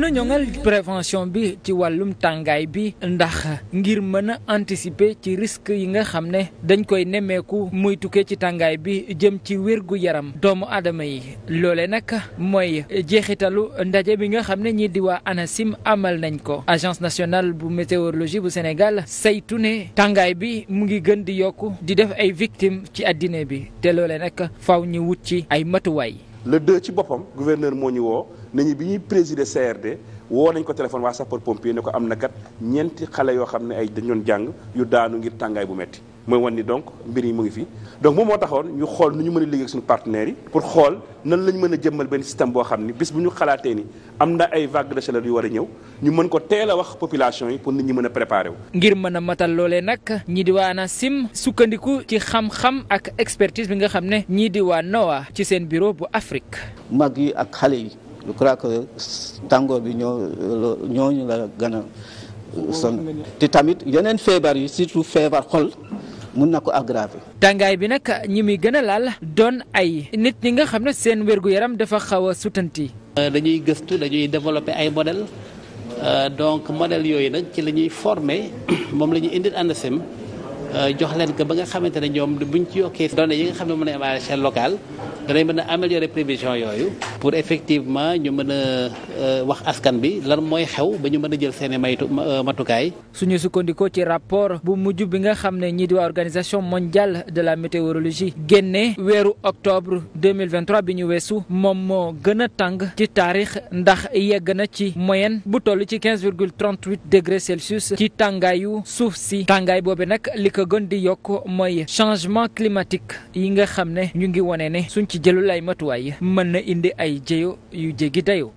na ñoŋal prévention bi ci wàllum tàngaay bi ndax ngir mën a anticiper ci risque yi nga xam ne dañ koy nemmeeku muy tukkee ci tàngaay bi jëm ci wérgu yaram doomu aadama yi loole nag mooy jeexitalu ndaje bi nga xam ne ñii di waa ANACIM amal nañ ko agence nationale bu météorologie bu Sénégal saytu ne tàngaay bi mu ngi gën di yokku di def ay victimes ci àddina bi te loole nag faw ñu wut ci ay matuwaay. le ci boppam gouverneur moo ñu woo. nañu bi ñuy présider CRD woo nañ ko téléphone waa sapeur pompier ne ko am na kat ñeenti xale yoo xam ne ay dañ doon jàng yu daanu ngir tàngaay bu metti mooy wan ni donc mbir yi mu ngi fii donc moom moo taxoon ñu xool nu ñu mën a liggéey ak suñu partenaires yi pour xool nan la ñu mën a jëmmal benn système boo xam ni bis bu ñu xalaatee ni am na ay vague de chaleur yu war a ñëw ñu mën ko teel a wax population yi pour nit ñi mën a préparer wu. ngir mën a matal loolee nag ñii di waa ANACIM sukkandiku ci xam ak expertise bi nga xam ne ñii di waa NOAA ci seen bureau bu Afrique. mag yi ak xale yi. je crois que tàngoor bi ñoo ñooñu la gën a sonn te tamit yeneen feebar yi surtout feebar xol mun na ko aggraver. tàngaay bi nag ñi muy gën a laal doon ay nit ñi nga xam ne seen wér yaram dafa xaw a sutanti. Euh, dañuy gëstu dañuy développer ay modèles euh, donc modèles yooyu nag ci la ñuy former moom la ñuy indil ANACIM Euh, jox leen ko ba nga xamante ne ñoom buñ ci yokkee données yi nga xam ne mën a am à l'échelle mën a améliorer prévision yooyu pour effectivement ñu mën a euh, wax askan bi lan mooy xew ba ñu mën a jël seen i maytu euh, matukaay. suñu sukkandikoo ci rapport bu mujj bi nga xam ne ñii di waa organisation mondiale de la météorologie génne weeru octobre 2023 bi ñu weesu moom moo gën a tàng ci taarix ndax yegg na ci moyenne bu toll ci 15 virgule 38 Celsius ci tàngaayu suuf si tàngaay boobu ko gën di yokk mooy changement climatique yi nga xam ne ñu ngi wane ne suñ ci jëlul ay matuwaay mën na indi ay jéyo yu jéggi dayoo.